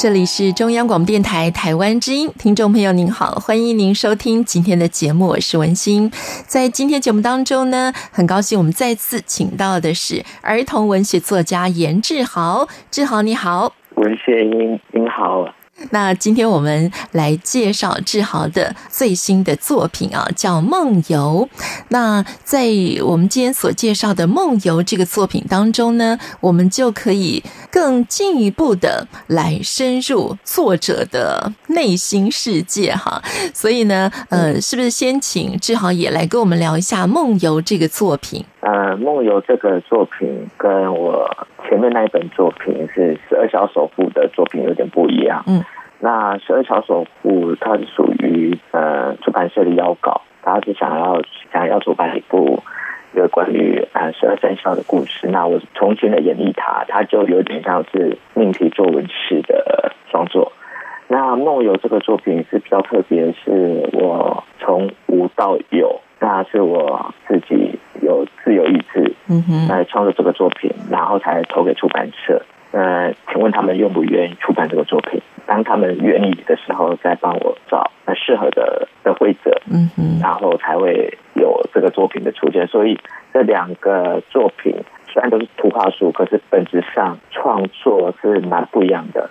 這裡是中央廣播電台台灣之音，聽眾朋友您好，歡迎您收聽今天的節目，我是文心。在今天節目當中呢，很高興我們再次請到的是兒童文學作家顏志豪。志豪你好，文心您好。那今天我們來介紹志豪的最新的作品啊，叫《夢遊》。那在我們今天所介紹的《夢遊》這個作品當中呢，我們就可以更進一步的來深入作者的內心世界哈。所以呢，呃，是不是先請志豪也來跟我們聊一下《夢遊》這個作品？呃，夢遊這個作品跟我前面那一本作品是十二小守護》的作品有點不一樣。嗯，那十二小守護它是屬於呃出版社的邀稿，他是想要想要出版一部，有關於呃十二生肖的故事。那我重新的演繹它，它就有點像是命題作文式的創作。那夢遊這個作品是比較特別，是我從無到有。那是我自己有自由意志嗯哼來創作這個作品，然後才投給出版社。那、呃、請問他們願不願意出版這個作品？當他們願意的時候，再幫我找那適合的的繪者，嗯嗯，然後才會有這個作品的出現。所以這兩個作品。雖然都是圖畫書，可是本質上創作是蠻不一樣的。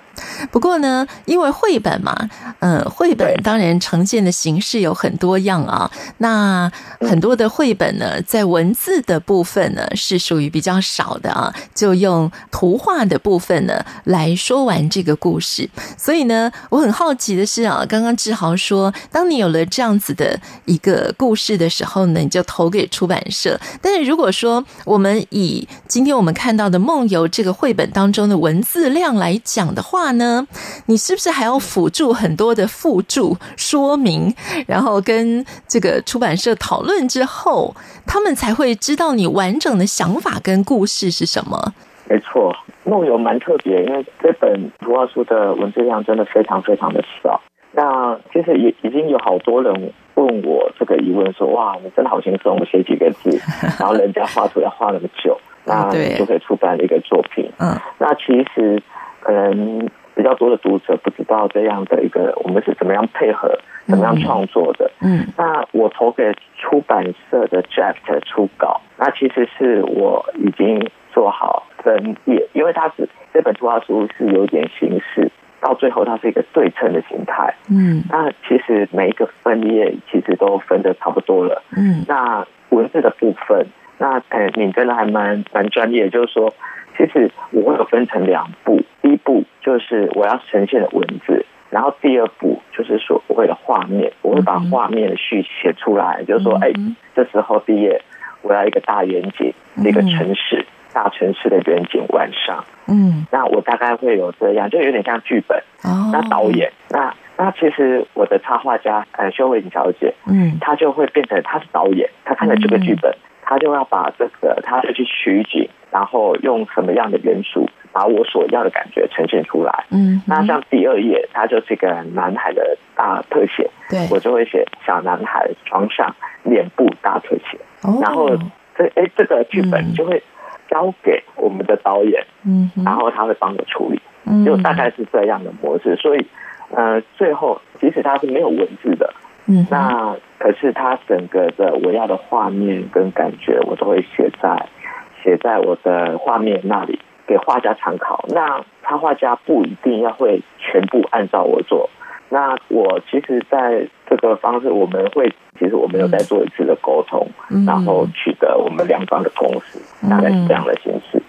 不過呢，因為繪本嘛，嗯、呃，繪本當然呈現的形式有很多樣啊。那很多的繪本呢，在文字的部分呢，是屬於比較少的啊。就用圖畫的部分呢，來說完這個故事。所以呢，我很好奇的是啊，剛剛志豪說，當你有了這樣子的一個故事的時候呢，你就投給出版社。但是如果說我們以今天我們看到的《夢遊》這個繪本當中的文字量來講的話呢，你是不是還要輔助很多的附注說明，然後跟這個出版社討論之後，他們才會知道你完整的想法跟故事是什麼？沒錯，《夢遊》蠻特別，因為這本圖畫書的文字量真的非常非常的少。那其實已已經有好多人問我這個疑問說，說哇，你真的好輕鬆，我寫幾個字，然後人家畫圖要畫那麼久， 那你就可以出版一個作品。啊、嗯，那其實可能、嗯、比較多的讀者不知道這樣的一個我們是怎麼樣配合、怎麼樣創作的。嗯，嗯，那我投給出版社的 draft 初稿，那其實是我已經做好分頁，因為它是這本圖畫書是有點形式。到最後，它是一個對稱的形態。嗯，那其實每一個分頁其實都分得差不多了。嗯，那文字的部分，那哎，你真的還蠻蠻專業。就是說，其實我有分成兩步，第一步就是我要呈現的文字，然後第二步就是說我會有畫面，我會把畫面的序寫出來。嗯、就是說，哎、嗯欸，這時候畢業，我要一個大遠景，嗯、一個城市。大城市的遠景，晚上，嗯，那我大概會有這樣，就有點像劇本。哦，那導演，嗯、那那其實我的插畫家呃，修慧婷小姐，嗯，她就會變成她是導演，她看了這個劇本，她、嗯嗯、就要把這個，她要去取景，然後用什麼樣的元素把我所要的感覺呈現出來。嗯，嗯那像第二頁，它就是一個男孩的大特寫，對，我就會寫小男孩床上臉部大特寫，哦、然後這哎、欸，這個劇本就會。交給我們的導演，嗯哼，然後他會幫我處理，嗯，就大概是這樣的模式。嗯、哼所以，呃，最後即使他是沒有文字的，嗯哼，那可是他整個的我要的畫面跟感覺，我都會寫在寫在我的畫面那裡給畫家參考。那他畫家不一定要會全部按照我做。那我其實在這個方式，我們會其實我們有再做一次的溝通，然後取得我們兩方的共識，大概是這樣的形式，嗯。嗯嗯嗯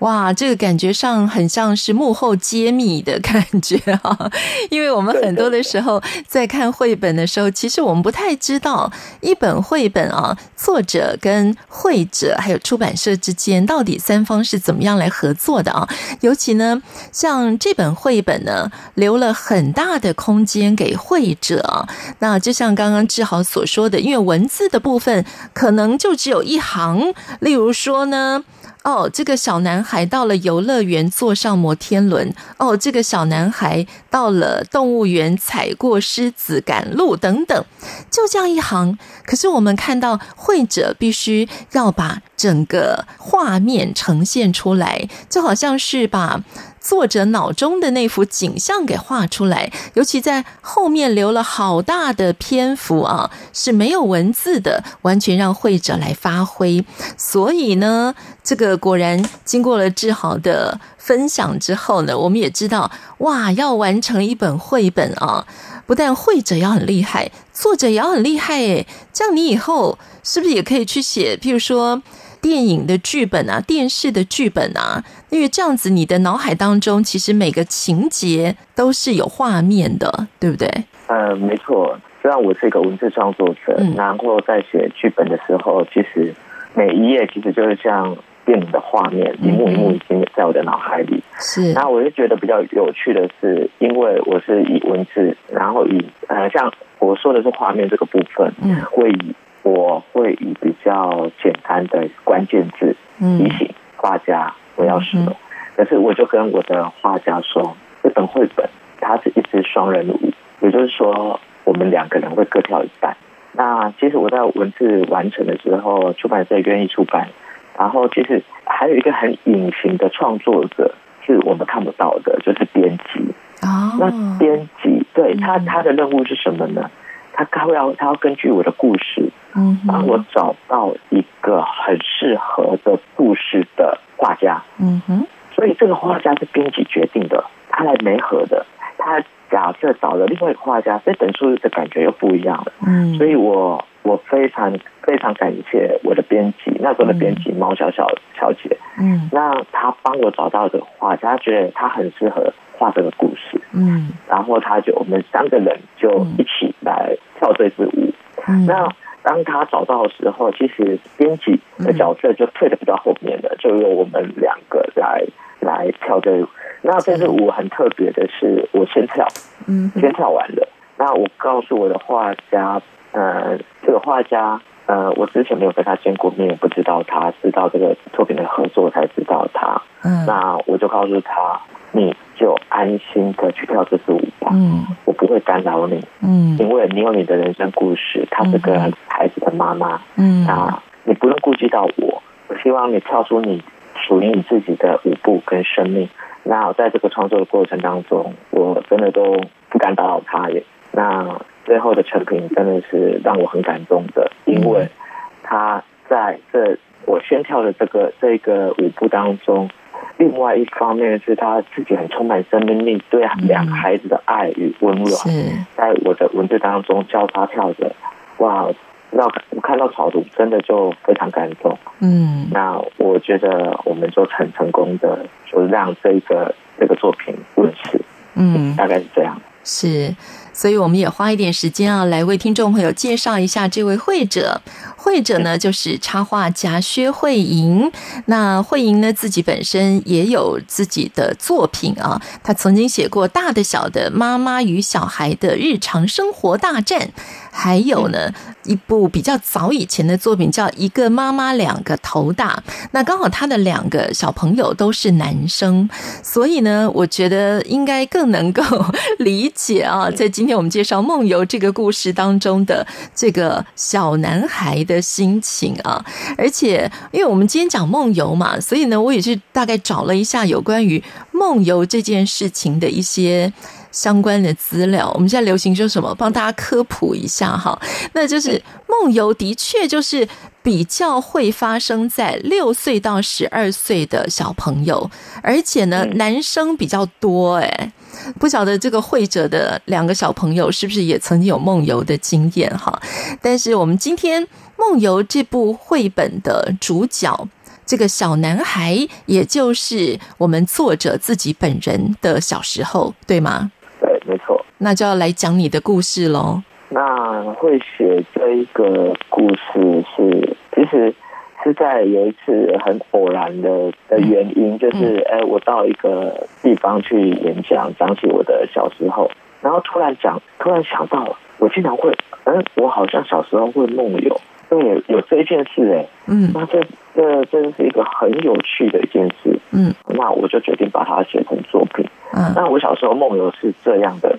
哇，這個感覺上很像是幕後揭秘的感覺啊。因為我們很多的時候在看繪本的時候，其實我們不太知道一本繪本啊，作者跟繪者還有出版社之間到底三方是怎麼樣來合作的啊。尤其呢，像這本繪本呢，留了很大的空間給繪者啊。那就像剛剛志豪所說的，因為文字的部分可能就只有一行，例如說呢。哦，這個小男孩到了遊樂園，坐上摩天輪。哦，這個小男孩到了動物園，踩過獅子趕路等等，就這樣一行。可是我們看到繪者必須要把整個畫面呈現出來，就好像是把。作者腦中的那幅景象給畫出來，尤其在後面留了好大的篇幅啊，是沒有文字的，完全讓繪者來發揮。所以呢，這個果然經過了志豪的分享之後呢，我們也知道哇，要完成一本繪本啊，不但繪者要很厲害，作者也要很厲害誒、欸。這樣你以後是不是也可以去寫？譬如說。電影的劇本啊，電視的劇本啊，因為這樣子，你的腦海當中其實每個情節都是有畫面的，對不對？嗯，呃，沒錯。雖然我是一個文字創作者，嗯，然後在寫劇本的時候，其實每一頁其實就是像電影的畫面，嗯嗯，一幕一幕已經在我的腦海裡。是。那我就覺得比較有趣的是，因為我是以文字，然後以呃，像我說的是畫面這個部分，嗯，會以。我會以比較簡單的關鍵字提醒、嗯、畫家不要使用。嗯嗯、可是我就跟我的畫家說，這本繪本它是一支雙人舞，也就是說我們兩個人會各跳一半。嗯、那其實我在文字完成的時候，出版社也願意出版。然後其實還有一個很隱形的創作者是我們看不到的，就是編輯。啊、哦，那編輯對他他、嗯、的任務是什麼呢？他他會要他要根據我的故事，嗯，幫我找到一個很適合的故事的畫家，嗯哼。所以這個畫家是編輯決定的，他來媒合的，他假設找了另外一個畫家，這本書的感覺又不一樣了，嗯。所以我我非常非常感謝我的編輯，那時候的編輯貓小小小姐，嗯。那他幫我找到的畫家，他覺得他很適合。畫這個故事，嗯，然後他就我們三個人就一起來跳這支舞。嗯嗯嗯、那當他找到的時候，其實編輯的角色就退得比較後面的，嗯、就由我們兩個來來跳這。那這支舞很特別的是，我先跳，嗯，嗯先跳完了。那我告訴我的畫家，呃，這個畫家，呃，我之前沒有跟他見過面，明明不知道他，知道這個作品的合作才知道他。嗯，那我就告訴他，你。就安心的去跳這支舞吧。嗯，我不會干擾你。嗯，因為你有你的人生故事，他是個孩子的媽媽。嗯，那你不用顧及到我。我希望你跳出你屬於你自己的舞步跟生命。嗯，那在這個創作的過程當中，我真的都不敢打擾他耶。那最後的成品真的是讓我很感動的，因為他在這我先跳的這個這個舞步當中。另外一方面是他自己很充滿生命力，對兩個孩子的愛與溫暖，嗯，在我的文字當中交叉跳着，哇！那我看到草圖真的就非常感動。嗯，那我覺得我們就很成功的，就讓這個這個作品問世。嗯，大概是這樣。是。所以我們也花一點時間啊，來為聽眾朋友介紹一下這位繪者。繪者呢，就是插畫家薛慧瑩。那慧瑩呢，自己本身也有自己的作品啊。她曾經寫過大的小的媽媽與小孩的日常生活大戰，還有呢，一部比較早以前的作品叫《一個媽媽兩個頭大》。那剛好她的兩個小朋友都是男生，所以呢，我覺得應該更能夠理解啊，在今。給我們介紹夢遊這個故事當中的這個小男孩的心情啊，而且，因為我們今天講夢遊嘛，所以呢，我也是大概找了一下有關於夢遊這件事情的一些相關的資料。我們現在流行說什麼？幫大家科普一下哈，那就是夢遊的確就是比較會發生在六歲到十二歲的小朋友，而且呢，男生比較多哎。不曉得這個繪者的兩個小朋友是不是也曾經有夢遊的經驗哈？但是我們今天《夢遊》這部繪本的主角，這個小男孩，也就是我們作者自己本人的小時候，對嗎？對，沒錯。那就要來講你的故事嘍。那會寫這一個故事是，其實。在有一次很偶然的的原因，就是哎、嗯嗯欸，我到一個地方去演講，講起我的小時候，然後突然講，突然想到，我經常會，嗯、欸，我好像小時候會夢遊，對，有這一件事、欸，哎，嗯，那這這真是一個很有趣的一件事，嗯，那我就決定把它寫成作品，嗯，那我小時候夢遊是這樣的，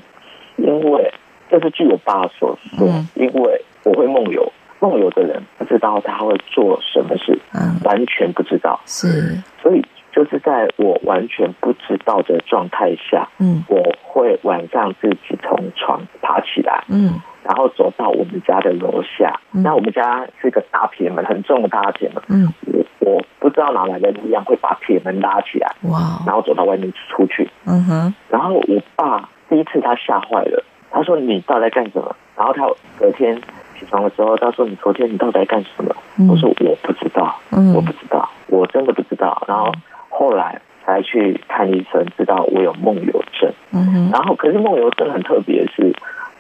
因為這是據我爸所說，嗯、因為我會夢遊。夢遊的人不知道他會做什麼事，um, 完全不知道。是，所以就是在我完全不知道的狀態下，嗯，我會晚上自己從床爬起來，嗯，然後走到我們家的樓下。嗯、那我們家是一個大鐵門，很重的大鐵門。嗯，我我不知道哪來的力量會把鐵門拉起來，哇！然後走到外面出去。嗯哼。然後我爸第一次他嚇壞了，他說：“你到底在幹什麼？”然後他隔天。起床了之後，他說，你昨天你到底在幹什麼？嗯、我說我不知道，嗯、我不知道，我真的不知道。然後後來才去看醫生，知道我有夢遊症。嗯哼然後可是夢遊症很特別是，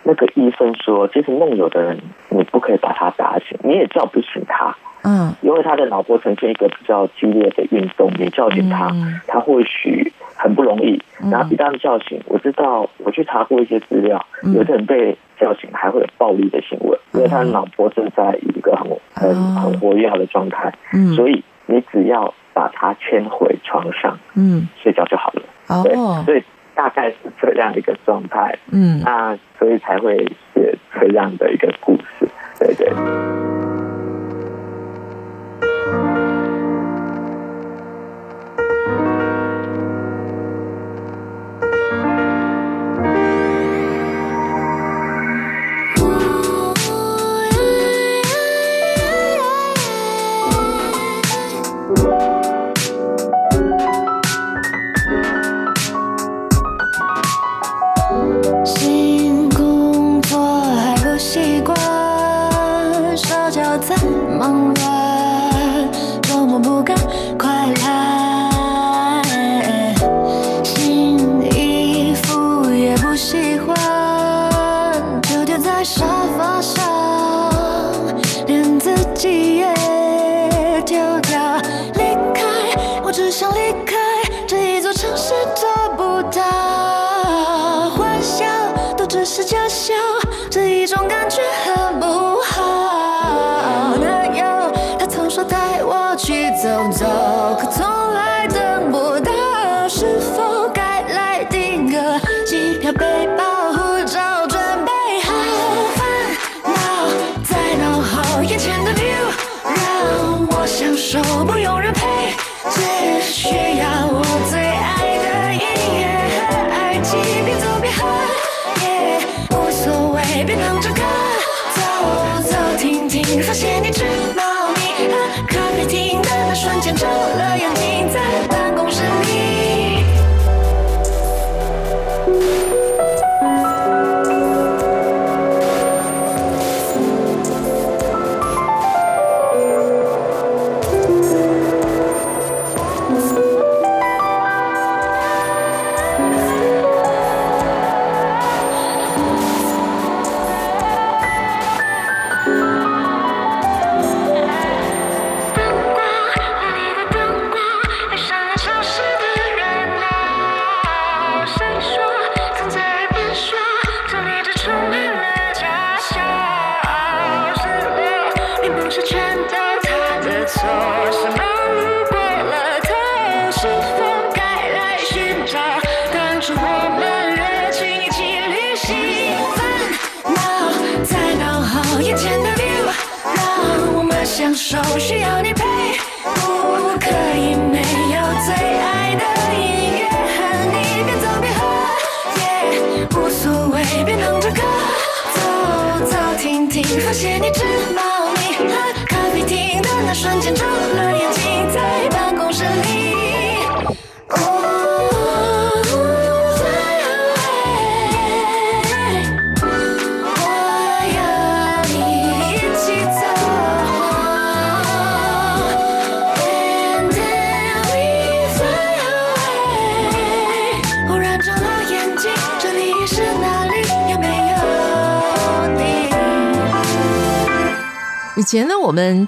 那個醫生說，其實夢遊的人你不可以把他打醒，你也叫不醒他。嗯。因為他的腦波呈現一個比較激烈的運動，你叫醒他，嗯、他或許很不容易。然後一旦叫醒，我知道我去查過一些資料，有的人被叫醒還會有暴力的行為。因為他的腦波正在一個很很很活躍的狀態，哦嗯、所以你只要把他牽回床上，嗯，睡覺就好了。對哦，所以大概是這樣一個狀態，嗯，那、啊、所以才會寫這樣的一個故事，對對。嗯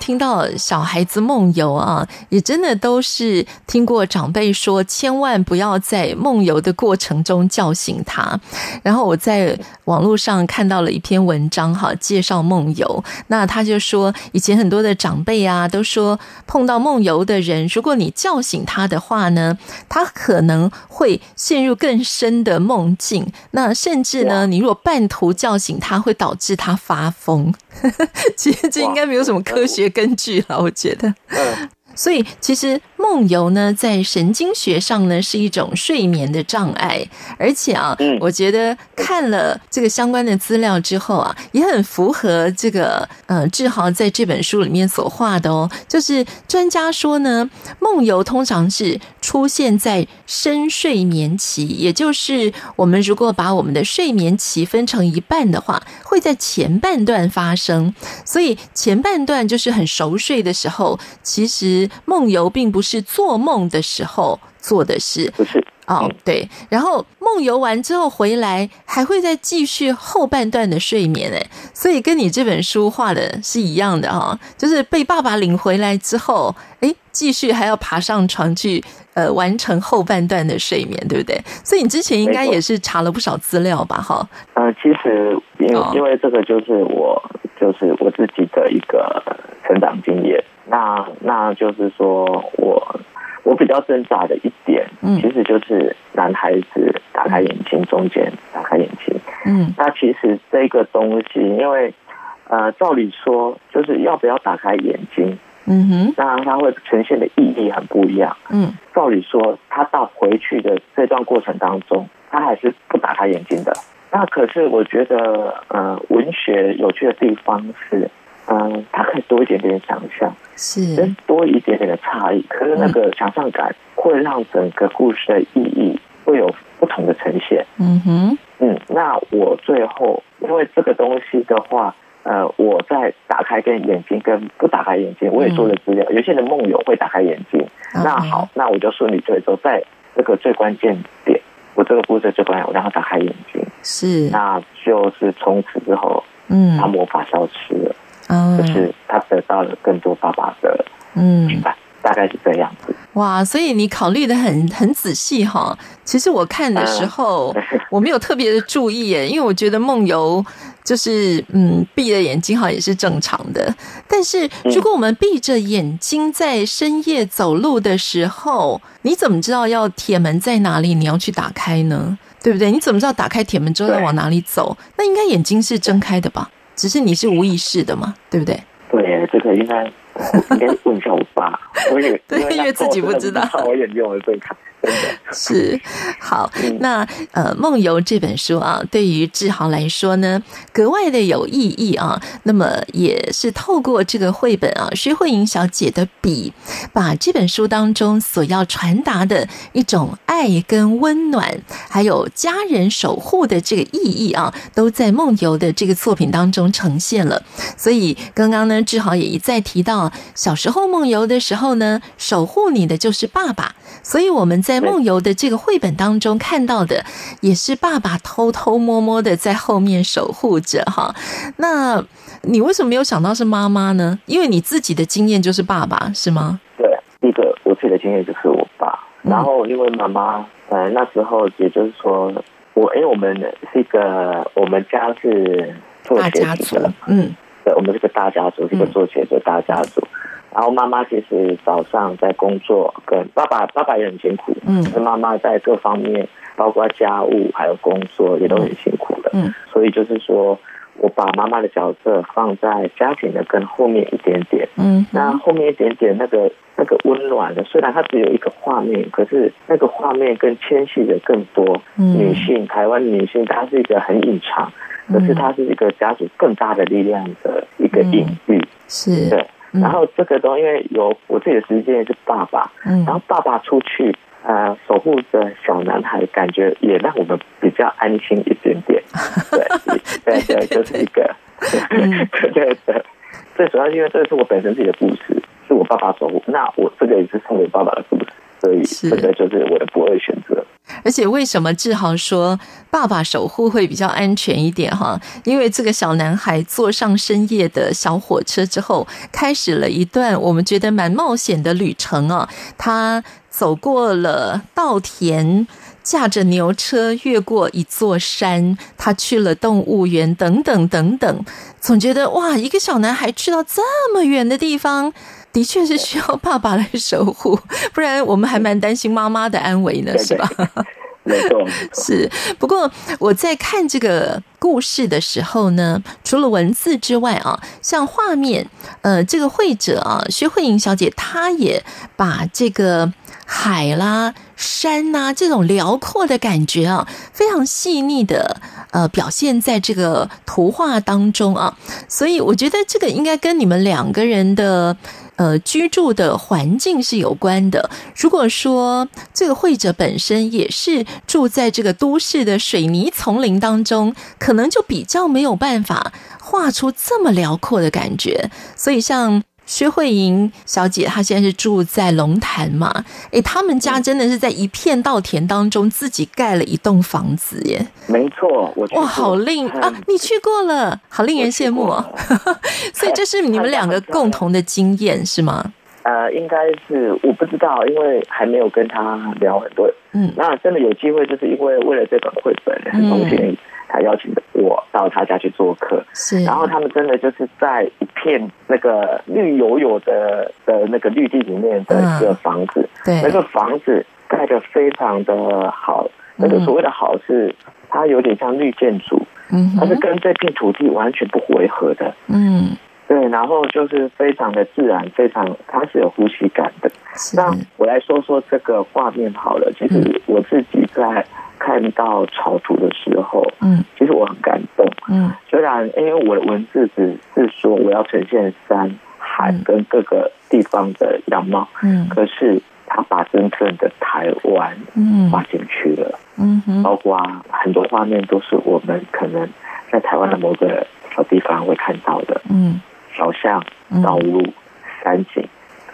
聽到小孩子夢遊啊，也真的都是聽過長輩說，千萬不要在夢遊的過程中叫醒他。然後我在網絡上看到了一篇文章哈，啊，介紹夢遊。那他就說，以前很多的長輩啊，都說碰到夢遊的人，如果你叫醒他的話呢，他可能會陷入更深的夢境。那甚至呢，你如果半途叫醒他，會導致他發瘋。 其實這應該沒有什麼科學根據了，啊，我覺得。 所以，其實夢遊呢，在神經學上呢，是一種睡眠的障礙。而且啊，我覺得看了這個相關的資料之後啊，也很符合這個呃，志豪在這本書裡面所畫的哦。就是專家說呢，夢遊通常是出現在深睡眠期，也就是我們如果把我們的睡眠期分成一半的話，會在前半段發生。所以前半段就是很熟睡的時候，其實。夢遊並不是做夢的時候做的事，不是哦，oh, 嗯、對。然後夢遊完之後回來，還會再繼續後半段的睡眠，欸，所以跟你這本書畫的是一樣的哈，就是被爸爸領回來之後，欸，繼續還要爬上床去呃完成後半段的睡眠，對不對？所以你之前應該也是查了不少資料吧？哈，呃，其實因為因為這個就是我就是我自己的一個成長經驗。那那就是說我，我我比較掙扎的一點，嗯，其實就是男孩子打開眼睛，中間打開眼睛，嗯，那其實這個東西，因為呃，照理說就是要不要打開眼睛，嗯哼，那它會呈現的意義很不一樣，嗯，照理說他到回去的這段過程當中，他還是不打開眼睛的，那可是我覺得，呃，文學有趣的地方是，嗯，它可以多一點點想象，是，多一點點的差異。可是那個想象感會讓整個故事的意義會有不同的呈現。嗯哼，嗯，那我最後因為這個東西的話，呃，我在打開跟眼睛跟不打開眼睛我也做了資料，嗯、有些人夢遊會打開眼睛。嗯、那好，那我就順理成章，在這個最關鍵點，我這個故事最關鍵，我讓他打開眼睛。是，那就是從此之後，嗯，他魔法消失了。嗯就是他得到了更多爸爸的，嗯，明白，大概是這樣子。哇，所以你考慮得很很仔細哈。其實我看的時候，啊、 我沒有特別的注意耶，因為我覺得夢遊就是嗯，閉着眼睛好像也是正常的。但是如果我們閉着眼睛在深夜走路的時候，嗯、你怎麼知道要鐵門在哪裡？你要去打開呢，對不對？你怎麼知道打開鐵門之後要對往哪裡走？那應該眼睛是睜開的吧？只是你是無意識的嘛，對不對？對，這個應該應該問一下我爸。我也因為自己不知道，我眼睛我會被卡。 是，好，那呃，夢遊這本書啊，對於志豪來說呢，格外的有意義啊。那麼也是透過這個繪本啊，薛慧瑩小姐的筆，把這本書當中所要傳達的一種愛跟溫暖，還有家人守護的這個意義啊，都在夢遊的這個作品當中呈現了。所以剛剛呢，志豪也一再提到，小時候夢遊的時候呢，守護你的就是爸爸。所以我們在。在夢遊的這個繪本當中看到的，也是爸爸偷偷摸摸的在後面守護着哈。那你為什麼沒有想到是媽媽呢？因為你自己的經驗就是爸爸是嗎？對，第一個我自己的經驗就是我爸。然後因為媽媽，嗯、呃，那時候也就是說，我因為我們是一個我們家是做學的大家族，嗯，對，我們是個大家族，這個做學的大家族。嗯然後媽媽其實早上在工作，跟爸爸，爸爸也很辛苦，嗯，那媽媽在各方面，包括家務還有工作也都很辛苦了，嗯，嗯，所以就是說我把媽媽的角色放在家庭的跟後面一點點，嗯，那、嗯、後，後面一點點那個那個溫暖的，雖然它只有一個畫面，可是那個畫面更牽繫的更多、嗯、女性，台灣女性，她是一個很隱藏，可是她是一個家族更大的力量的一個隱喻、嗯，是的。對然後這個都因為有我自己的實際經驗是爸爸，嗯，然後爸爸出去呃守護着小男孩，感覺也讓我們比較安心一點點，對，對對，就是一個，對對對，最主要是因為這是我本身自己的故事，是我爸爸守護，那我這個也是送給爸爸的故事。所以，這個是就是我也不會選擇。而且，為什麼志豪說爸爸守護會比較安全一點啊？哈，因為這個小男孩坐上深夜的小火車之後，開始了一段我們覺得蠻冒險的旅程啊。他走過了稻田，駕着牛車越過一座山，他去了動物園，等等等等。總覺得哇，一個小男孩去到這麼遠的地方。的確是需要爸爸來守護，不然我們還蠻擔心媽媽的安危呢，對對對，是吧？沒錯， 是。不過我在看這個故事的時候呢，除了文字之外啊，像畫面，呃，這個繪者啊，薛慧瑩小姐，她也把這個海啦。山吶，啊，這種遼闊的感覺啊，非常細膩的呃，表現在這個圖畫當中啊，所以我覺得這個應該跟你們兩個人的呃居住的環境是有關的。如果說這個繪者本身也是住在這個都市的水泥叢林當中，可能就比較沒有辦法畫出這麼遼闊的感覺。所以像。薛慧瑩小姐，她現在是住在龍潭嘛？哎，他們家真的是在一片稻田當中自己蓋了一棟房子耶！沒錯，我哇、哦，好令、嗯、啊！你去過了，好令人羨慕啊！ 所以這是你們兩個共同的經驗、哎、是嗎？呃，應該是我不知道，因為還沒有跟她聊很多。嗯，那真的有機會，就是因為為了這本繪本很用心。他邀請的我到他家去做客，是、啊。然後他們真的就是在一片那個綠油油的的那個綠地裡面的一個房子，對、嗯。那個房子蓋的非常的好，嗯、那個所謂的好是它有點像綠建築，嗯哼，它是跟這片土地完全不違和的，嗯，對。然後就是非常的自然，非常它是有呼吸感的。啊、那我來說說這個畫面好了，其實我自己在。嗯看到草圖的時候，嗯，其實我很感動，嗯，嗯，雖然因為我的文字只是說我要呈現山海跟各個地方的樣貌，嗯，嗯，可是他把真正的台灣，嗯，畫進去了，嗯，嗯哼，包括啊，很多畫面都是我們可能在台灣的某個小地方會看到的，嗯，嗯，小巷、道路、山景。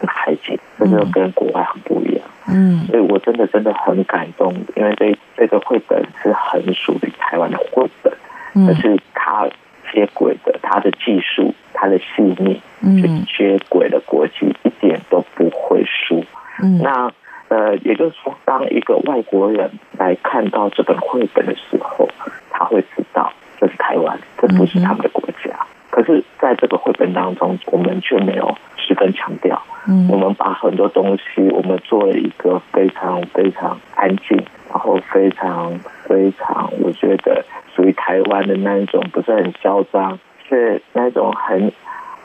海景，這就是、跟國外很不一樣，嗯，嗯所以我真的真的很感動，因為這這個繪本是很屬於台灣的繪本，嗯、可是它接軌的，它的技術，它的細膩，嗯，接軌的國際一點都不會輸，嗯，那呃，也就是說，當一個外國人來看到這本繪本的時候，他會知道這是台灣，這不是他們的國家，嗯嗯、可是，在這個繪本當中，我們卻沒有十分強調。嗯、我們把很多東西，我們做了一個非常非常安靜，然後非常非常，我覺得屬於台灣的那種，不是很囂張，是那種很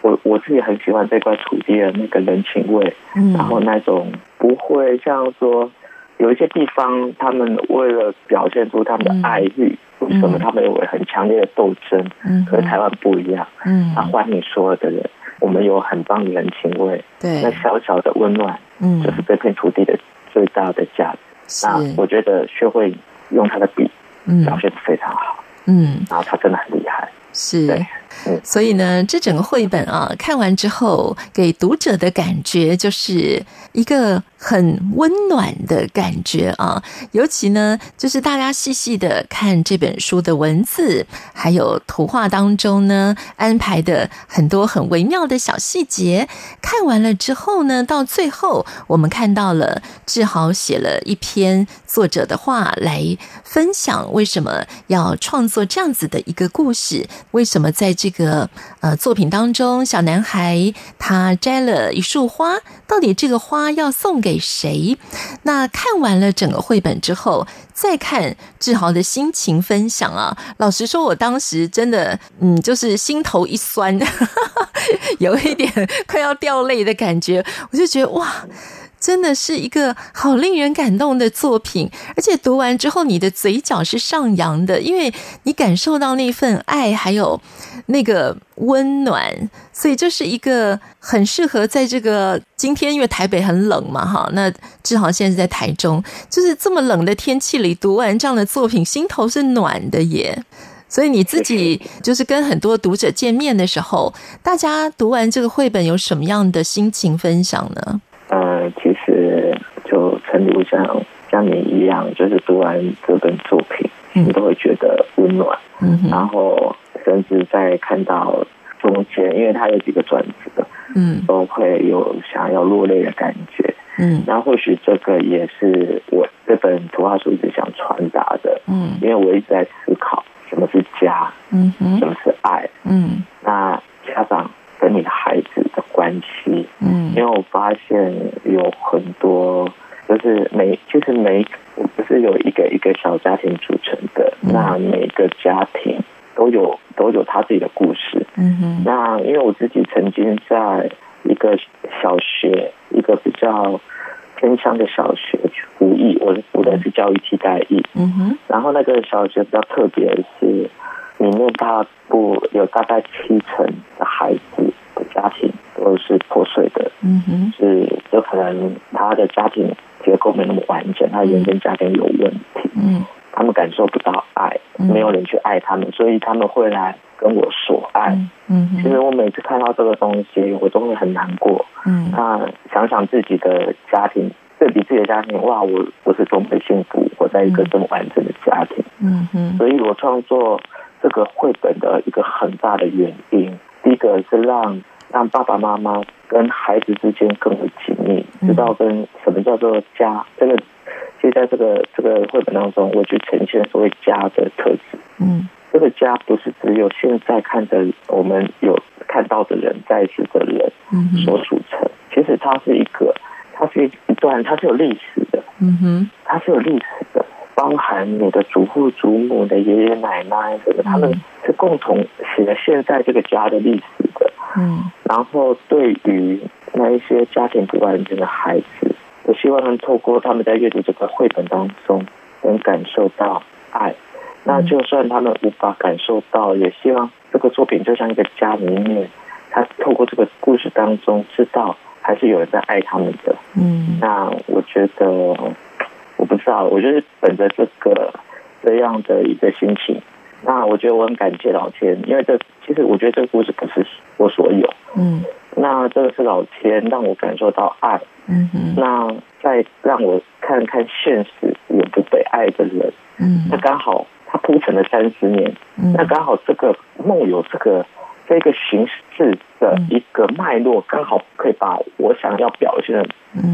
我我自己很喜歡這塊土地的那個人情味，嗯、然後那種不會像說有一些地方他們為了表現出他們的愛慾，嗯、為什麼他們有很強烈的鬥爭？嗯，嗯和台灣不一樣，嗯，他歡迎所有的人。我們有很棒的人情味，對那小小的溫暖，嗯，就是這片土地的最大的價值。是那我覺得，薛慧用他的筆，嗯，表現得非常好，嗯，然後他真的很厲害，是，對。是嗯、所以呢，這整個繪本啊，看完之後給讀者的感覺就是一個。很溫暖的感覺啊，尤其呢，就是大家細細的看這本書的文字，還有圖畫當中呢，安排的很多很微妙的小細節。看完了之後呢，到最後我們看到了志豪寫了一篇作者的話，來分享為什麼要創作這樣子的一個故事，為什麼在這個呃作品當中，小男孩他摘了一束花，到底這個花要送給？給誰？那看完了整個繪本之後，再看志豪的心情分享啊，老實說，我當時真的，嗯，就是心頭一酸， 有一點快要掉淚的感覺，我就覺得哇。真的是一個好令人感動的作品，而且讀完之後你的嘴角是上揚的，因為你感受到那份愛，還有那個溫暖，所以這是一個很適合在這個今天，因為台北很冷嘛，哈，那志豪現在在台中，就是這麼冷的天氣裡讀完這樣的作品，心頭是暖的耶。所以你自己就是跟很多讀者見面的時候，大家讀完這個繪本有什麼樣的心情分享呢？嗯、呃，其實就程度像像你一樣，就是讀完這本作品，嗯、你都會覺得溫暖，嗯哼，然後甚至在看到中間，因為它有幾個轉折，嗯，都會有想要落淚的感覺，嗯，那或許這個也是我這本圖畫書一直想傳達的，嗯，因為我一直在思考什麼是家，嗯哼，什麼是愛，嗯，那家長跟你的孩子。嗯，因為我發現有很多，就是每就是每個，不、就是有一個一個小家庭組成的，那、嗯、每個家庭都有都有他自己的故事。嗯哼，那因為我自己曾經在一個小學，一個比較偏鄉的小學去服役，我是服的是教育替代役。嗯哼，然後那個小學比較特別的是，裡面大部有大概七成的孩子的家庭，或者是破碎的，嗯哼，是有可能他的家庭結構沒那麼完整，嗯、他原生家庭有問題，嗯，他們感受不到愛，嗯、沒有人去愛他們，所以他們會來跟我說愛，嗯哼，其實我每次看到這個東西，我都會很難過，嗯哼，那想想自己的家庭，對比自己的家庭，哇，我我是多麼的幸福，我在一個這麼完整的家庭，嗯哼，所以我創作這個繪本的一個很大的原因，第一個是讓。讓爸爸媽媽跟孩子之間更為緊密，嗯、知道跟什麼叫做家。這個，就在這個這個繪本當中，我就呈現所謂家的特質。嗯，這個家不是只有現在看着我們有看到的人在此的人，嗯，所組成。嗯、哼其實它是一個，它是一段，它是有歷史的。嗯哼，它是有歷史的，包含你的祖父祖母的爺爺奶奶，嗯、這個他們是共同寫了現在這個家的歷史。嗯，然後對於那一些家庭不完整的孩子，我希望能透過他們在閱讀這個繪本當中，能感受到愛。嗯，那就算他們無法感受到，也希望這個作品就像一個家裡面，他透過這個故事當中知道，還是有人在愛他們的。嗯，那我覺得，我不知道，我就是本着這個這樣的一個心情。那我覺得我很感謝老天，因為這其實我覺得這個故事不是我所有，嗯，那這個是老天讓我感受到愛，嗯嗯哼，那再讓我看看現實也不被愛的人，嗯，那剛好他鋪陳了三十年，嗯，那剛好這個夢遊這個這個形式的一個脈絡，剛好可以把我想要表現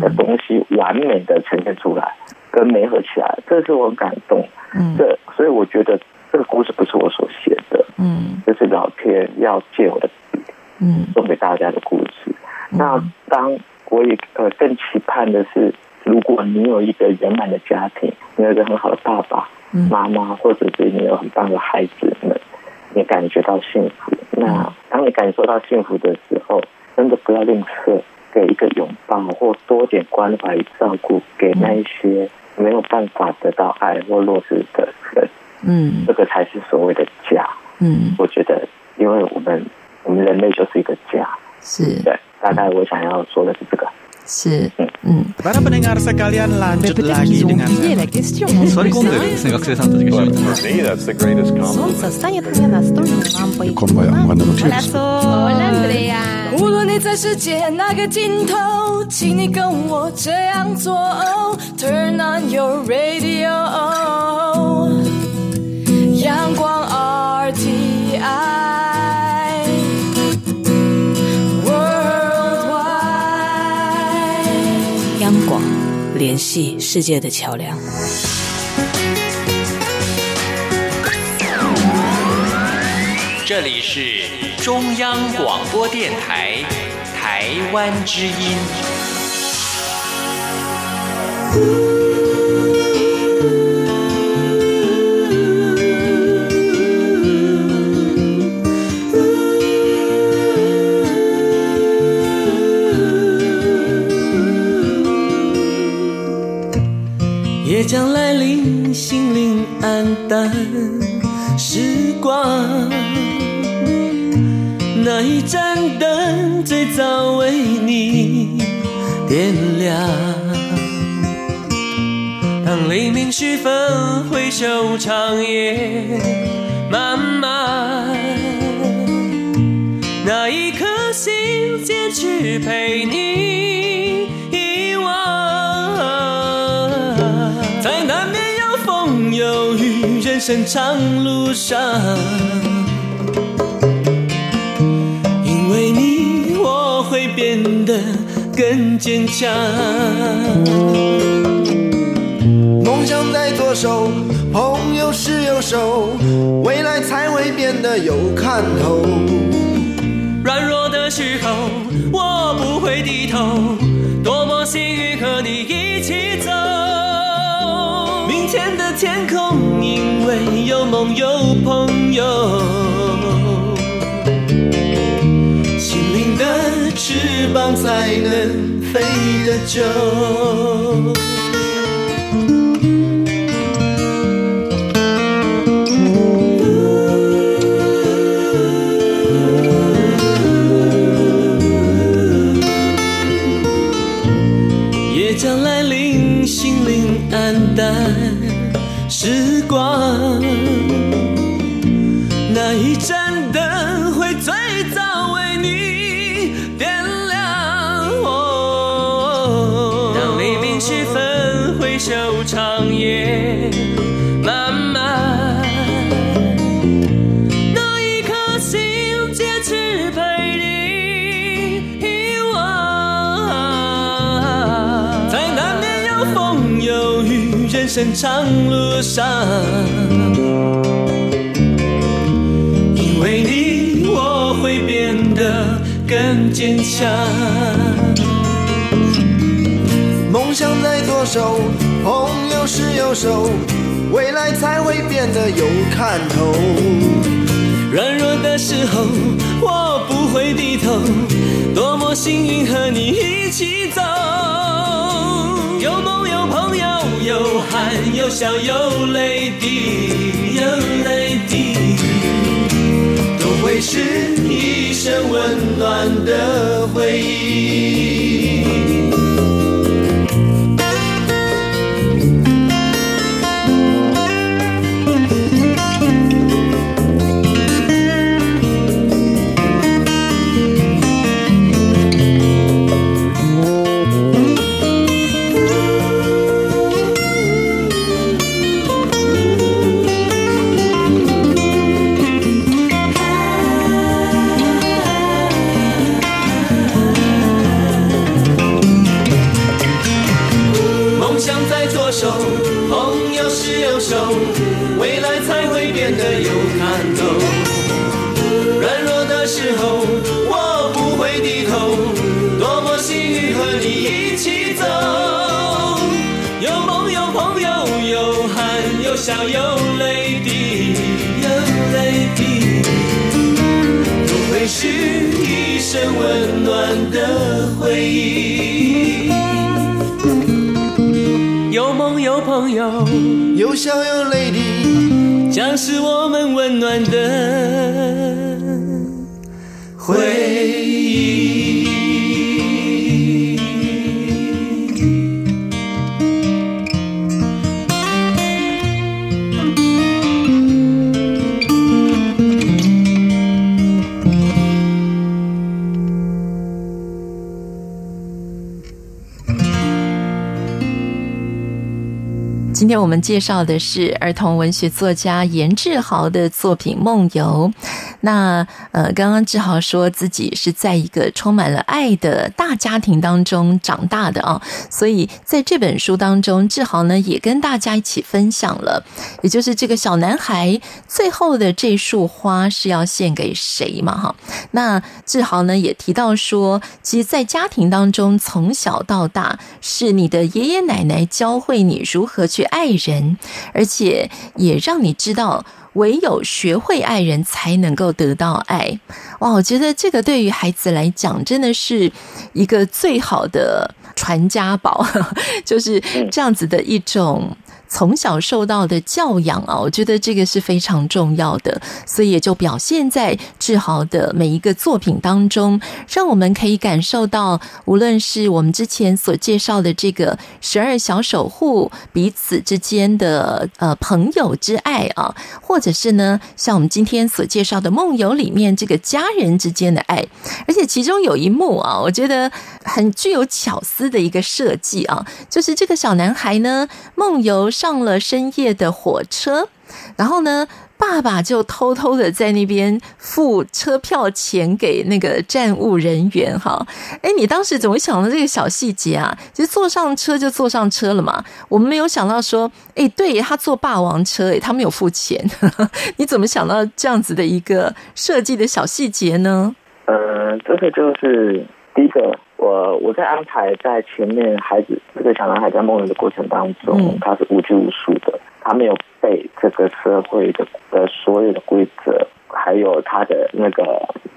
的東西完美的呈現出來，嗯、跟媒合起來，這是我很感動，嗯，這所以我覺得。這個故事不是我所寫的，嗯，這是老天要借我的筆，嗯，送給大家的故事。嗯、那當我也呃更期盼的是，如果你有一個圓滿的家庭，你有一個很好的爸爸媽媽，或者是你有很棒的孩子們，你感覺到幸福。嗯、那當你感受到幸福的時候，真的不要吝嗇給一個擁抱或多點關懷與照顧給那一些沒有辦法得到愛或弱勢的人。嗯，這個才是所謂的家。嗯，我覺得，因為我們，我們人類就是一個家。是，對，大概我想要說的是這個。是。對嗯。嗯。無論你在世界哪個盡頭，請你跟我這樣做。聯繫世界的橋樑。這裡是中央廣播電台《台灣之音》。淡時光，那一盞燈最早為你點亮。當黎明時分回首，長夜漫漫，那一顆心堅持陪你。成長路上，因為你，我會變得更堅強。夢想在左手，朋友是右手，未來才會變得有看頭。軟弱的時候，我不會低頭。多麼幸運和你一起走。因為有夢，有朋友，心靈的翅膀才能飛得久。長路上，因為你，我會變得更堅強。夢想在左手，朋友是右手，未來才會變得有看頭。軟弱的時候，我不會低頭，多麼幸運和你一起走，有夢。有汗，有笑，有有淚滴，都會是一生溫暖的回憶。我們介紹的是兒童文學作家顏志豪的作品《夢遊》。那，呃，剛剛志豪說自己是在一個充滿了愛的大家庭當中長大的啊、哦，所以在這本書當中，志豪呢也跟大家一起分享了，也就是這個小男孩最後的這束花是要獻給誰嘛？哈，那志豪呢也提到說，其實在家庭當中，從小到大是你的爺爺奶奶教會你如何去愛人，而且也讓你知道。唯有學會愛人，才能夠得到愛。哇，我覺得這個對於孩子來講，真的是一個最好的傳家寶， 就是這樣子的一種。從小受到的教養啊，我覺得這個是非常重要的，所以也就表現在志豪的每一個作品當中，讓我們可以感受到，無論是我們之前所介紹的這個十二小守護彼此之間的呃朋友之愛啊，或者是呢，像我們今天所介紹的夢遊裡面這個家人之間的愛，而且其中有一幕啊，我覺得很具有巧思的一個設計啊，就是這個小男孩呢，夢遊。上了深夜的火車，然後呢，爸爸就偷偷的在那邊付車票錢給那個站務人員。哈，哎，你當時怎麼想到這個小細節啊？其實坐上車就坐上車了嘛，我們沒有想到說，哎，對，他坐霸王車，哎，他沒有付錢， 你怎麼想到這樣子的一個設計的小細節呢？呃，這個就是第一個。我我在安排，在前面孩子這個小男孩在夢遊的過程當中，嗯、他是無拘無束的，他沒有被這個社會的的所有的規則，還有他的那個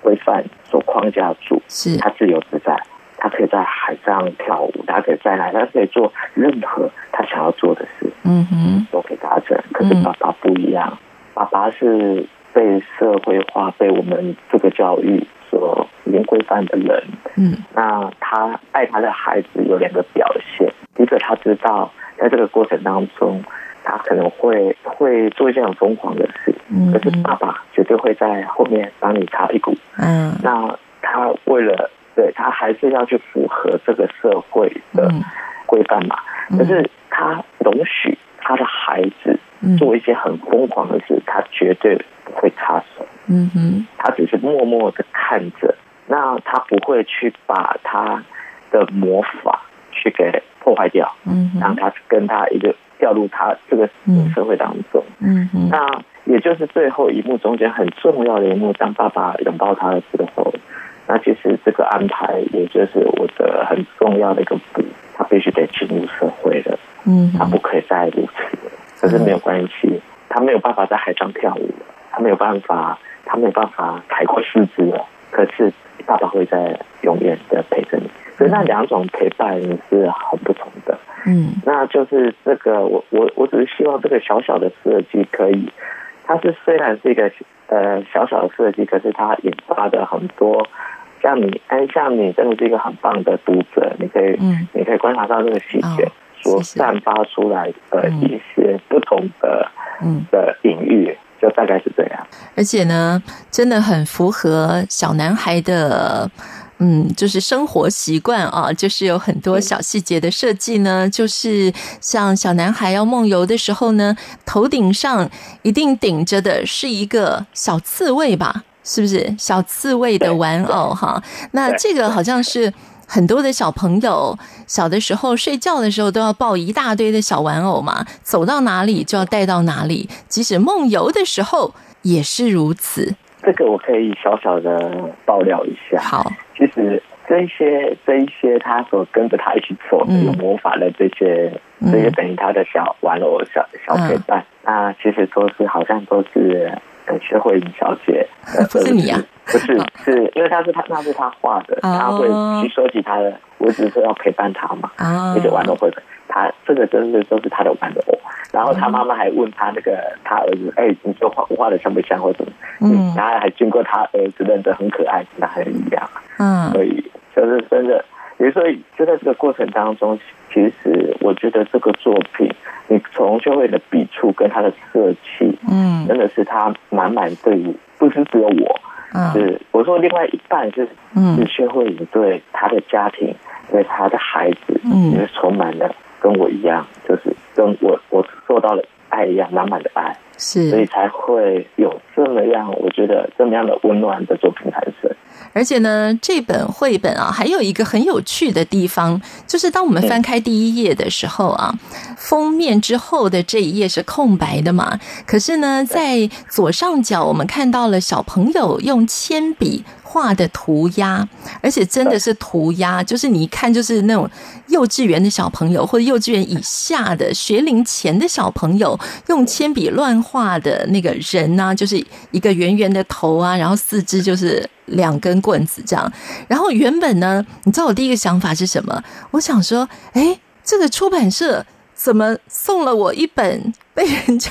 規範所框架住，是他自由自在，他可以在海上跳舞，他可以再來，他可以做任何他想要做的事，嗯哼，都可以達成。可是爸爸不一樣，嗯、爸爸是被社會化，被我們這個教育，有已規範的人，嗯，那他愛他的孩子有兩個表現，一個他知道在這個過程當中，他可能會會做一些很瘋狂的事，嗯，可是爸爸絕對會在後面幫你擦屁股，嗯，那他為了，對，他還是要去符合這個社會的規範嘛，可是他容許他的孩子做一些很瘋狂的事，他絕對不會插手。嗯哼，他只是默默的看着，那他不會去把他的魔法去給破壞掉。嗯哼，讓他跟他一個掉入他這個社會當中。嗯，嗯哼，那也就是最後一幕中間很重要的一幕，當爸爸擁抱他的時候，那其實這個安排也就是我的很重要的一個步，他必須得進入社會了。嗯，他不可以再如此了。嗯哼，可是沒有關係，他沒有辦法在海上跳舞，他沒有辦法。他沒辦法踩過十字了，可是爸爸會在永遠的陪着你，所以、嗯、那兩種陪伴是很不同的。嗯，那就是這個我我我只是希望這個小小的設計可以，它是雖然是一個呃小小的設計，可是它引發的很多，像你，哎，像你真的是一個很棒的讀者，你可以，嗯、你可以觀察到這個細節、哦、所散發出來的一些不同的、嗯、的隱喻。就大概是這樣，而且呢，真的很符合小男孩的，嗯，就是生活習慣啊、哦，就是有很多小細節的設計呢，嗯、就是像小男孩要夢遊的時候呢，頭頂上一定頂着的是一個小刺蝟吧？是不是？小刺蝟的玩偶對哈？那這個好像是。很多的小朋友小的時候睡覺的時候都要抱一大堆的小玩偶嘛，走到哪裡就要帶到哪裡，即使夢遊的時候也是如此。這個我可以小小的爆料一下。好，其實這一些這一些他所跟着他一起做的、嗯、有魔法的這些、嗯、這些等於他的小玩偶小小伙伴，嗯、那其實都是好像都是。薛慧怡小姐、嗯、不是你啊，不、就是，就是，、哦、是因為他是他，那是他畫的，他會去收集他的。哦、我只是說要陪伴他嘛，一直、哦、玩偶會的，他這個真的都是他的玩偶、哦。然後他媽媽還問他那個他兒子，哎、欸，你說畫畫的像不像或者，嗯，嗯，然後還經過他兒子認得很可愛，其他很一樣。嗯，所以就是真的，有時候就在這個過程當中。其實，我覺得這個作品，你從宣慧的筆觸跟他的設計，嗯，真的是他滿滿對你，不是只有我，哦、是我說另外一半就是，嗯，宣慧，你對他的家庭，對他的孩子，嗯，也是充滿了跟我一樣，就是跟我我做到了愛一樣，滿滿的愛。是，所以才會有這麼樣，我覺得這麼樣的溫暖的作品誕生。而且呢，這本繪本啊，還有一個很有趣的地方，就是當我們翻開第一頁的時候啊，嗯、封面之後的這一頁是空白的嘛。可是呢，在左上角，我們看到了小朋友用鉛筆。畫的塗鴉，而且真的是塗鴉，就是你一看就是那種幼稚園的小朋友或者幼稚園以下的學齡前的小朋友用鉛筆亂畫的那個人呢、啊，就是一個圓圓的頭啊，然後四肢就是兩根棍子這樣。然後原本呢，你知道我第一個想法是什麼？我想說，哎、欸，這個出版社。怎麼送了我一本被人家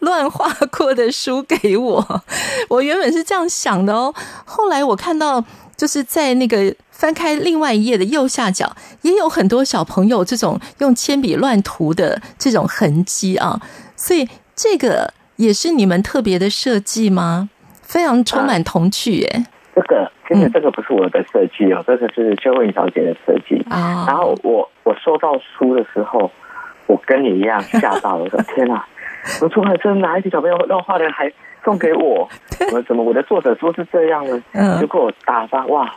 亂畫過的書給我？我原本是這樣想的哦。後來我看到，就是在那個翻開另外一頁的右下角，也有很多小朋友這種用鉛筆亂塗的這種痕跡啊。所以這個也是你們特別的設計嗎？非常充滿童趣，欸，耶、啊。這個，這個，這個不是我的設計哦，嗯、這個是 j 慧小姐的設計。啊、哦。然後我，我收到書的時候。我跟你一樣嚇到了，說，天哪、啊！我出版社哪一批小朋友亂畫的還送給我？我 怎麼我的作者說是這樣呢？ 結果我打發。哇！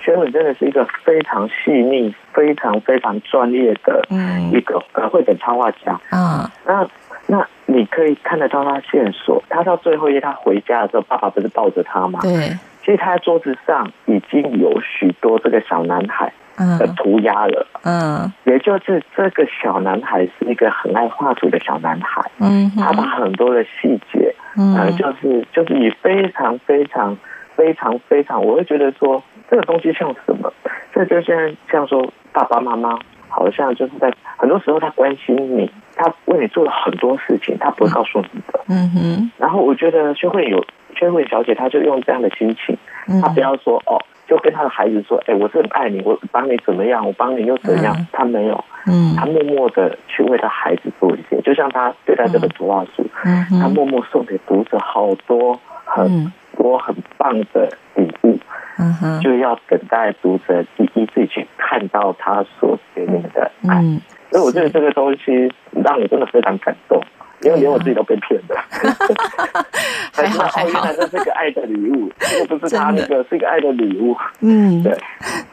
軒偉真的是一個非常細膩、非常非常專業的嗯一個呃繪本插畫家啊。嗯嗯、那那你可以看得到他線索，他到最後一頁，他回家的時候，爸爸不是抱着他嗎？嗯對。其實他在桌子上已經有許多這個小男孩，呃，uh, uh, 塗鴉了，嗯，也就是這個小男孩是一個很愛畫圖的小男孩，嗯哼，他把很多的細節，嗯，然後，就是就是以非常非常非常非常，我會覺得說這個東西像什麼？這就像像說爸爸媽媽好像就是在很多時候他關心你，他為你做了很多事情，他不會告訴你的，嗯哼，然後我覺得就會有。圈慧小姐，她就用這樣的心情，她不要說哦，就跟她的孩子說，哎、欸，我是很愛你，我幫你怎麼樣，我幫你又怎樣，嗯嗯、她沒有，嗯，她默默的去為她孩子做一些，就像她對待這個圖畫書，她默默送給讀者好多很、嗯、很多很棒的禮物，嗯哼，嗯嗯就要等待讀者第一次去看到她所給你們的愛，嗯、所以我覺得這個東西讓我真的非常感動。因為連我自己都被騙的，哈哈哈。還好還好， 這是個愛的禮物，這不是他那個，的是一個愛的禮物。嗯，對，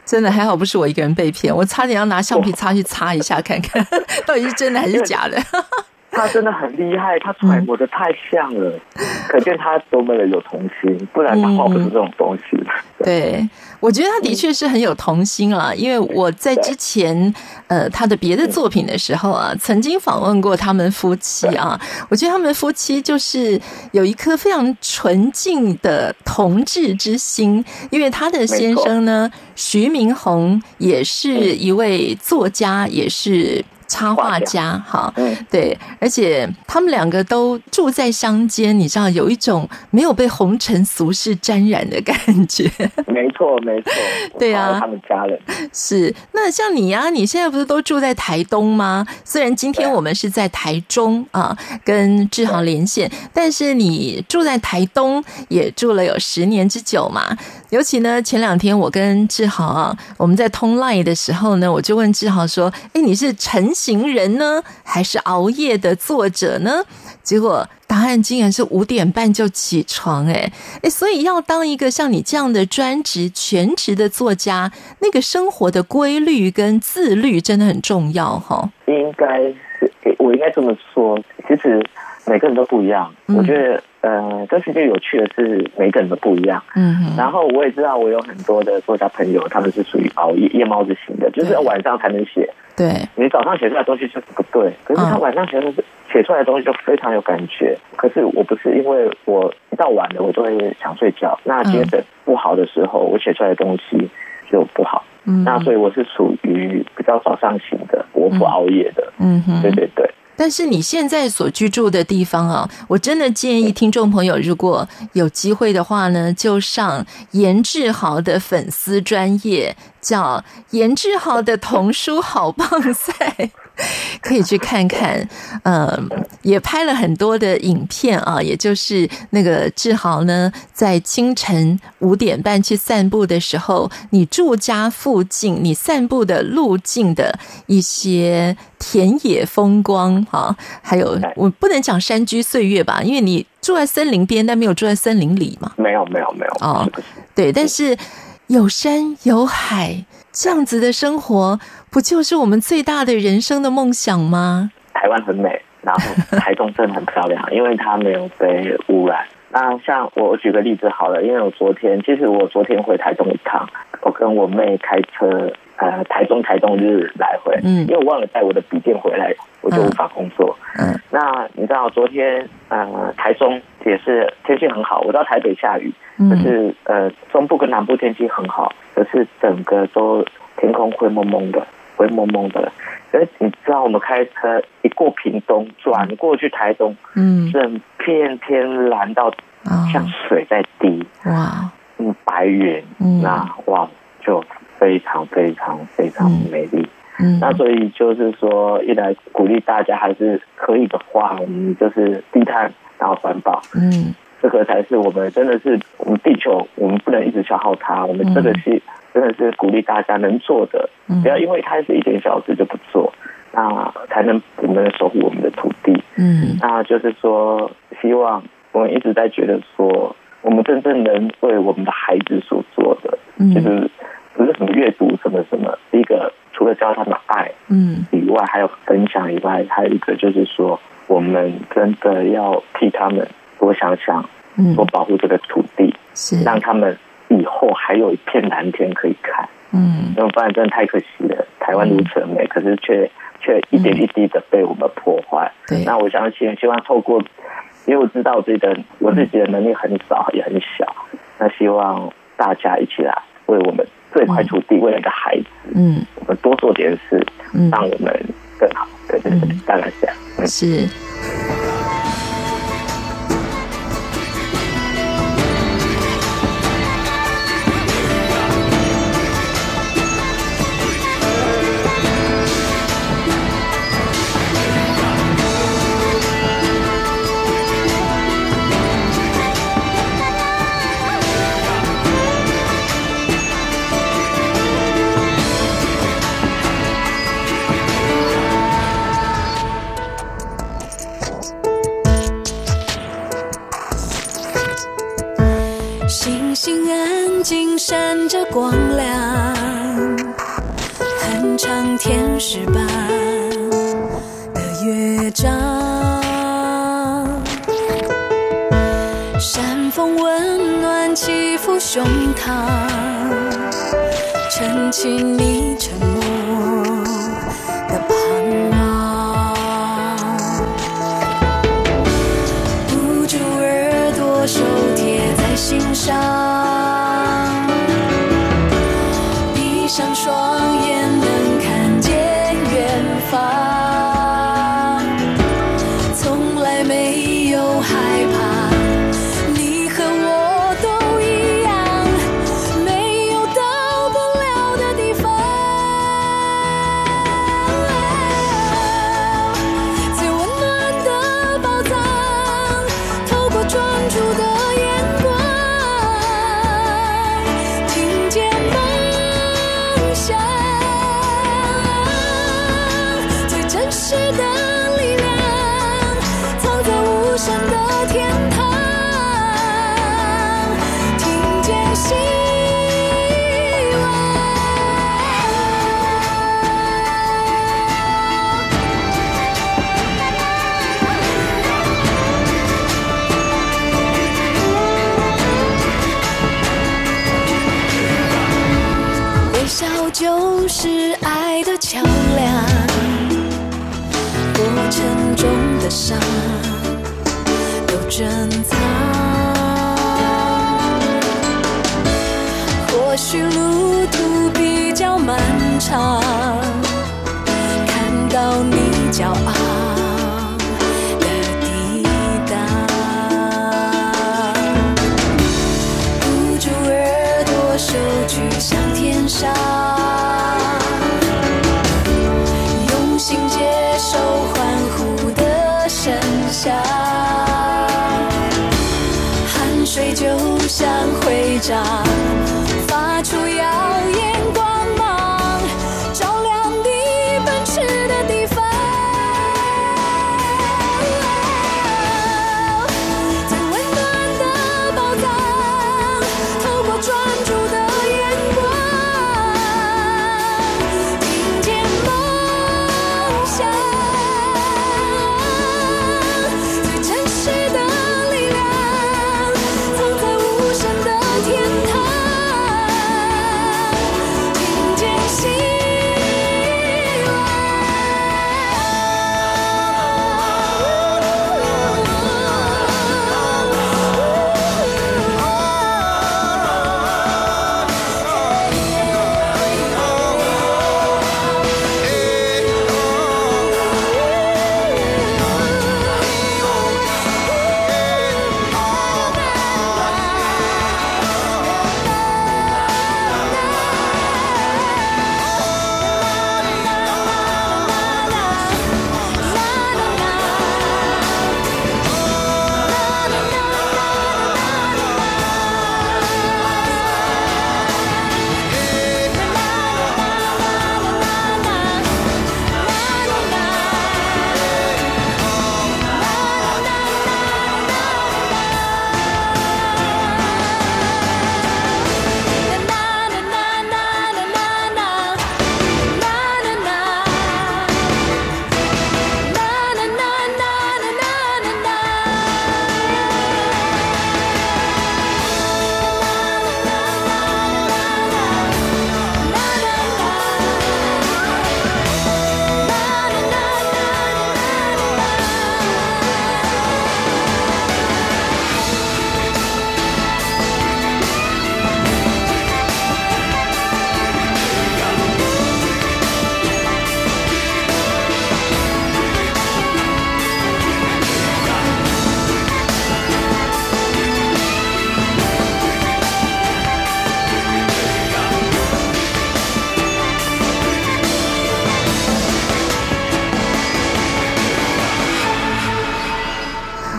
真的還好，不是我一個人被騙，我差點要拿橡皮擦去擦一下，看看 到底是真的還是假的。哈哈因為 他真的很厲害，他揣摩的太像了，嗯、可見他多麼的有童心，不然他畫出不是這種東西。嗯、對，對，我覺得他的確是很有童心了，嗯、因為我在之前對呃他的別的作品的時候啊，對曾經訪問過他們夫妻啊，對我覺得他們夫妻就是有一顆非常純淨的童稚之心，因為他的先生呢，錯徐明宏也是一位作家，嗯、也是。插畫家，哈，嗯、對，而且他們兩個都住在鄉間，你知道有一種沒有被紅塵俗世沾染的感覺。沒錯，沒錯，對啊，他們家人是。那像你呀、啊，你現在不是都住在台東嗎？雖然今天我們是在台中啊，跟志豪連線，但是你住在台東也住了有十年之久嘛。尤其呢，前兩天我跟志豪啊，我們在通 LINE 的時候呢，我就問志豪說：“哎、欸，你是陳？”行人呢，還是熬夜的作者呢？結果答案竟然是五點半就起床、欸，哎所以要當一個像你這樣的專職全職的作家，那個生活的規律跟自律真的很重要哈。應該是我應該這麼說，其實。每個人都不一樣，嗯、哼我覺得，呃，但是最有趣的是，每個人都不一樣。嗯哼，然後我也知道，我有很多的作家朋友，他們是屬於熬夜夜貓子型的，對就是晚上才能寫。對，你早上寫出來的東西就不對，可是他晚上寫的、嗯、寫出來的東西就非常有感覺。可是我不是，因為我一到晚了我就會想睡覺。那接着不好的時候，我寫出來的東西就不好。嗯哼，那所以我是屬於比較早上型的，我不熬夜的。嗯嗯哼。對對對。但是你現在所居住的地方啊，我真的建議聽眾朋友，如果有機會的話呢，就上顏志豪的粉絲專頁，叫顏志豪的童書好棒塞。 可以去看看，嗯、呃，也拍了很多的影片啊，也就是那個志豪呢，在清晨五點半去散步的時候，你住家附近，你散步的路徑的一些田野風光啊，還有我不能講山居歲月吧，因為你住在森林邊，但沒有住在森林裡嘛，沒有，沒有，沒有啊、哦，對，但是有山有海。這樣子的生活，不就是我們最大的人生的夢想嗎？台灣很美，然後台中真的很漂亮， 因為它沒有被污染。那像我我舉個例子好了，因為我昨天其實我昨天回台中一趟，我跟我妹開車呃，台中台中日來回，嗯，因為我忘了帶我的筆電回來，我就無法工作。嗯，嗯，那你知道昨天呃，台中。也是天氣很好，我到台北下雨，就是呃，中部跟南部天氣很好，可、就是整個都天空灰濛濛的，灰濛濛的。可是你知道，我們開車一過屏東，轉過去台東，嗯，整片天藍到像水在滴，哇、嗯，嗯，白雲，那哇，就非常非常非常美麗、嗯。嗯，那所以就是說，一來鼓勵大家還是可以的話，我們就是低碳，然後環保，嗯，這個才是我們真的是我們地球，我們不能一直消耗它。我們真的是、嗯、真的是鼓勵大家能做的，不、嗯、要因為它是一點小事就不做，那才能我們能守護我們的土地。嗯，那就是說，希望我們一直在覺得說，我們真正能為我們的孩子所做的，嗯、就是不是什麼閱讀什麼什麼，第一個除了教他們愛，嗯以外，嗯、還有分享以外，還有一個就是說。我們真的要替他們多想想，嗯，多保護這個土地，嗯、是讓他們以後還有一片藍天可以看，嗯，那麼不然真的太可惜了。台灣如此的美，嗯、可是卻卻一點一滴的被我們破壞，嗯、那我相信，希望透過，因為我知道自己的我自己的能力很少也很小，那希望大家一起來為我們這塊土地，嗯、為了孩子，嗯，我們多做點事，嗯、讓我們更好，對對對，對，嗯、當然是這樣。是。光亮，哼唱天使般的樂章，山風溫暖起伏胸膛，撐起你沉默的盼望，捂住耳朵，手貼在心上。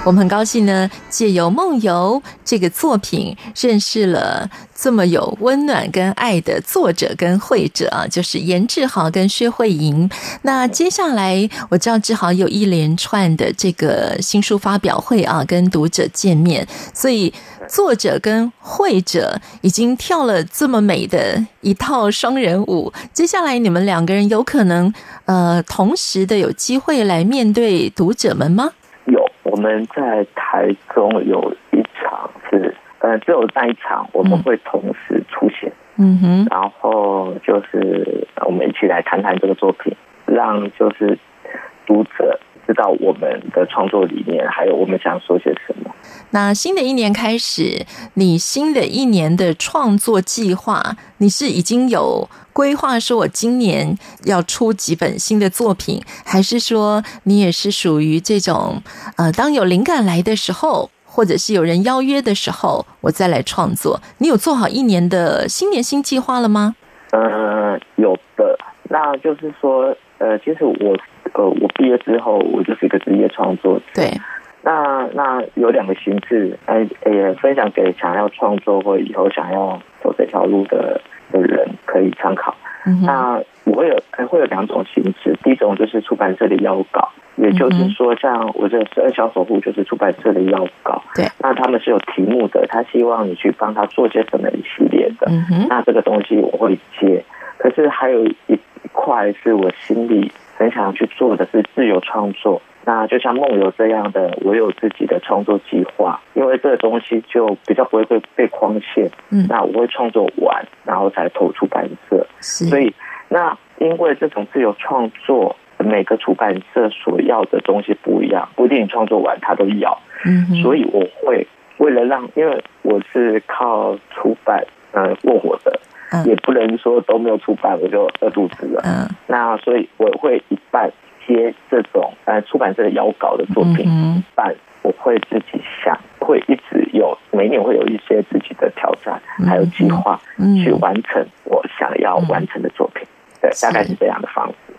我們很高興呢，借由《夢遊》這個作品，認識了這麼有溫暖跟愛的作者跟繪者啊，就是顏志豪跟薛慧瑩。那接下來，我知道志豪有一連串的這個新書發表會啊，跟讀者見面。所以，作者跟繪者已經跳了這麼美的，一套雙人舞。接下來，你們兩個人有可能，呃，同時的有機會來面對讀者們嗎？我們在台中有一場是，呃，只有那一場我們會同時出現。嗯，嗯哼，然後就是我們一起來談談這個作品，讓就是讀者知道我們的創作理念，還有我們想說些什麼。那新的一年開始，你新的一年的創作計劃，你是已經有？規劃說，我今年要出幾本新的作品，還是說你也是屬於這種呃，當有靈感來的時候，或者是有人邀約的時候，我再來創作？你有做好一年的新年新計劃了嗎？呃，有的，那就是說，呃，其實我呃，我畢業之後，我就是一個職業創作者。對，那那有兩個形式，哎呀、哎、分享給想要創作或以後想要走這條路的。的人可以參考。嗯、哼那我有，會有兩種形式。第一種就是出版社的邀稿，也就是說，像我這十二小時守護就是出版社的邀稿。對、嗯哼，那他們是有題目的，他希望你去幫他做些什麼一系列的。嗯、哼那這個東西我會接，可是，還有一一塊是我心裡，很想要去做的是自由創作，那就像夢遊這樣的，我有自己的創作計劃，因為這個東西就比較不會被被框限。嗯，那我會創作完，然後才投出版社。是所以那因為這種自由創作，每個出版社所要的東西不一樣，不一定創作完，他都要。嗯哼，所以我會為了讓，因為我是靠出版呃過活的。嗯、也不能說都沒有出版，我就餓肚子了。嗯，那所以我會一半接這種呃出版社的邀稿的作品，嗯，一半我會自己想，會一直有每年會有一些自己的挑戰，嗯、還有計劃去完成我想要完成的作品，嗯、對，大概是這樣的方式。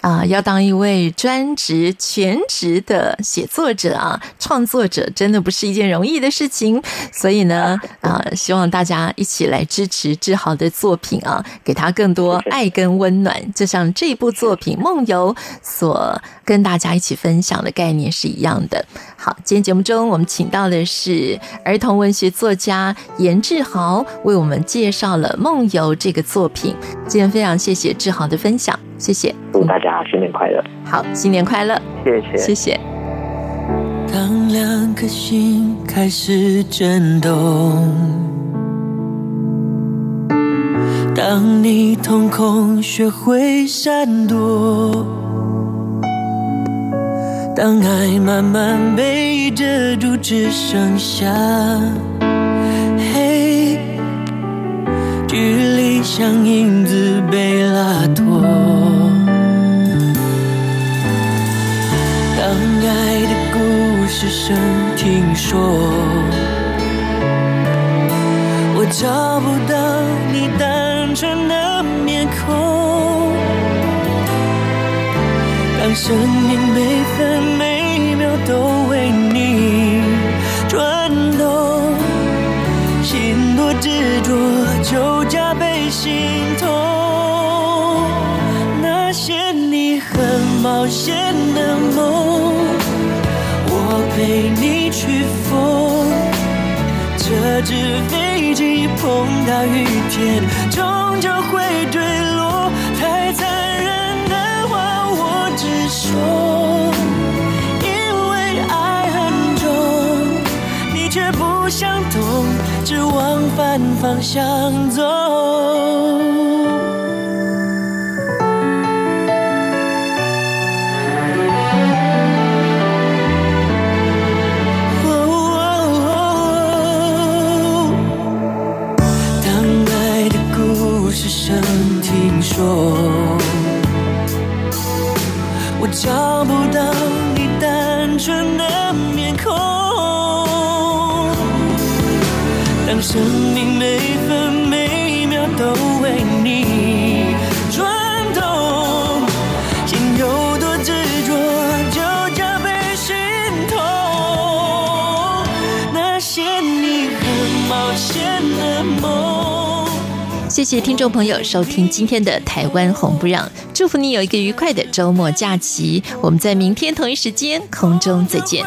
啊、呃，要當一位專職全職的寫作者啊，創作者真的不是一件容易的事情。所以呢，啊、呃，希望大家一起來支持志豪的作品啊，給他更多愛跟溫暖。就像這部作品《夢遊》所跟大家一起分享的概念是一樣的。好，今天節目中我們請到的是兒童文學作家顏志豪，為我們介紹了《夢遊》這個作品。今天非常謝謝志豪的分享。謝謝，祝大家新年快樂。嗯、好，新年快樂。謝謝，謝謝。當兩顆心開始震動，當你瞳孔學會閃躲，當愛慢慢被遮住，只剩下。距離像影子被拉脫，當愛的故事聲聽說，我找不到你單純的面孔。當生命每分每秒都為你。就加倍心痛。那些你很冒險的夢，我陪你去瘋。折紙飛機碰到雨天，終究會。反方向走。生命每分每秒都為你轉動，心有多執着，就加倍心痛。那些你很冒險的夢。謝謝聽眾朋友收聽今天的台灣紅不讓，祝福你有一個愉快的週末假期。我們在明天同一時間空中再見。